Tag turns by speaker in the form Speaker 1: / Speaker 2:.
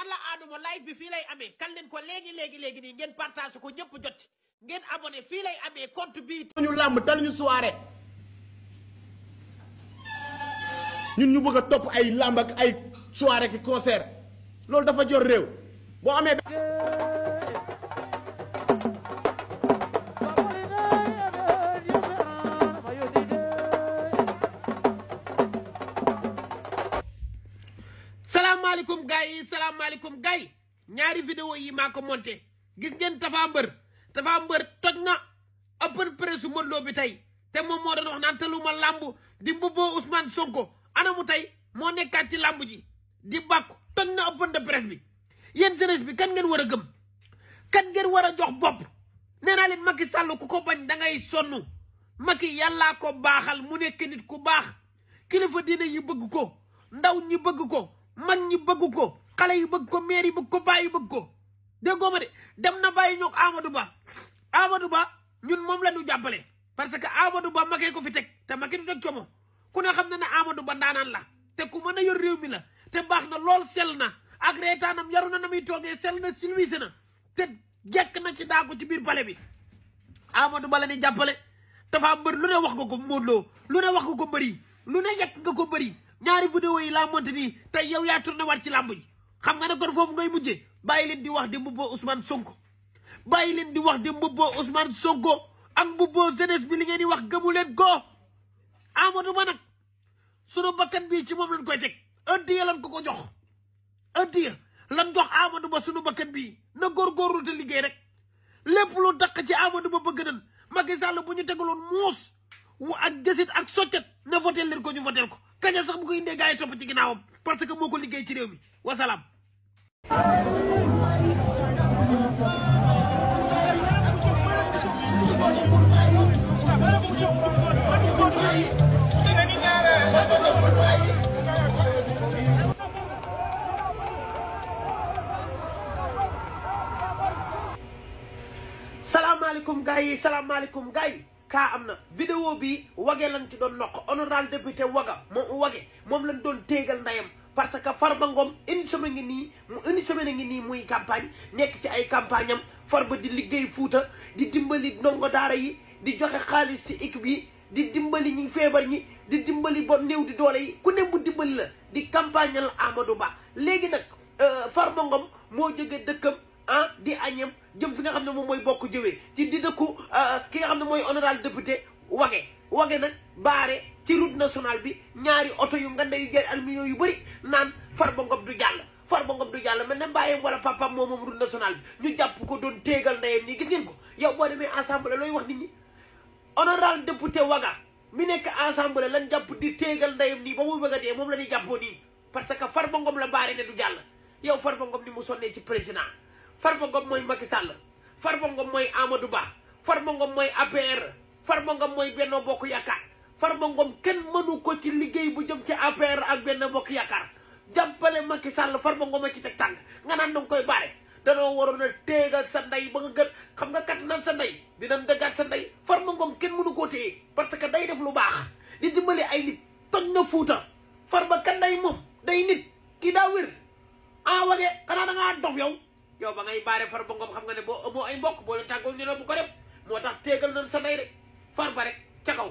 Speaker 1: alla aadama live bi fii lay amee kan leen ko léegi léegi léegi nii ngeen partage ko ñëpp jot ngeen abonné fii lay amee compte bi ñu làmb tal ñu soirée ñun ñu bëgg a topp ay làmb ak ay soirée ki concert loolu dafa jor réew boo amee salaamaaleykum gars yi salaamaaleykum gars yi ñaari vidéo yi maa ko monté gis ngeen Tapha Mbeur Tapha Mbeur toj na open press su Modou Lo bi tey te moom moo doon wax naan taluma làmb di mbubboo Ousmane Sonko anamu tey moo nekkaat ci làmb ji di bàkku toj na open de presse bi yéen jeunesse bi kan ngeen war a gëm kan ngeen war a jox bopp nee naa leen Macky Sall ku ko bañ da ngay sonn Macky yàllaa ko baaxal mu nekk nit ku baax kilifa diine yi bëgg ko ndaw ñi bëgg ko man ñi bëgg ko xale yi bëgg ko maire yi bëgg ko bàyyi bëgg ko dégg ma de dem na bàyyi ñoog Amadou Ba Amadou Ba ñun moom la ñu jàppale parce que Amadou Ba makee ko fi teg te makee du teg como ku ne xam ne ne Amadou Ba ndaanaan la te ku mën a yor réew mi la te baax na lool sel na ak reetaanam yaru na na muy toogee sell na silvise na te jekk na ci daaku ci biir pale bi Amadou Ba la ni jàppale dafa mbër lu ne wax nga ko Modou loo lu ne wax nga ko mbëri lu ne yekk nga ñaari vidéo yi laa monté nii tey yow yaa tourné waat ci làmb ji xam nga ne kon foofu ngay mujjee bàyyi leen di wax di mbubboo Ousmane Sonko bàyyi leen di wax di mbubboo Ousmane Sonko ak mbubboo jeunesse bi li ngeen di wax gëmu leen ko Amadou Ba nag sunu mbakkan bii ci moom lañ koy teg addiya lan ko ko jox addiya lan jox Amadou Ba sunu bakkan bii na góorgóorlu te liggéey rek lépp lu daq ci Amadou Ba bëgg nan Macky la bu ñu tegaloon muus wu ak jësit ak soccet na leen ko ñu voté ko kaña sax bu ko indee gars topp ci ginnaawam parce que moo ko liggéey ci réew mi wasalaam. salaamaaleykum gars yi salaamaaleykum gars yi. kaa am na vidéo bi wage lan ci doon noq honorable député waga moom wage moom lañ doon téegal ndayam parce que Farba Ngom une semaine ngi nii mu une semaine ngi nii muy campagne nekk ci ay campagne am Farba di liggéey Fuuta di dimbali ndongo daara yi di joxe xaalis ci équipe bi di dimbali ñu feebar ñi di dimbali bon néew di doole yi ku ne mu dimbali la di campagne la Amadou Ba léegi nag euh, Farba Ngom moo jóge dëkkam ah di añam jëm fi nga xam ne moom mooy bokk jëwee ci di dëkku Euh, ki nga xam ne mooy honorable député wage wage nag baare ci route national bi ñaari oto yu ngande yu jël aluminium yu bëri naan Farba Ngom du jàll Farba Ngom du jàll mel ne mbaayam wala papaam moom moom route nationale bi ñu jàpp ko doon téegal ndeyam nii gis ko yow boo demee assemblée looy wax nit ñi honorable député waga mi nekk assemblée lan jàpp di téegal ndeyam nii ba mu bëgg a dee moom la ñuy jàppoo nii parce que Farba Ngom la baare ne du jàll yow Farba Ngom ni mu sonnee ci président Farba Ngom mooy Macky far Farba Ngom mooy du Ba Farba Ngom mooy APR Farba Ngom mooy Benno Bokk Yaakaar Farba Ngom kenn mënu ko ci liggéey bu jëm ci APR ak Benno Bokk Yaakaar jàppale Macky Sall Farba Ngom a ci teg tànk nga naan danga koy baare danoo waroon a téegal sa ndey ba nga gën xam nga kat nan sa ndey dinañ dëggaat sa ndey ba Ngom kenn mënu ko téye parce que day def lu baax di dimbali ay nit toj na fuuta far ba kan day moom day nit kii daa wér ah wage xanaa da ngaa dof yow yow ba ngay baare Farba Ngom xam nga ne boo amoo ay mbokk boo leen tàggoo bu ko def moo tax tegal nañ sa ndey rek far ba rek ca kaw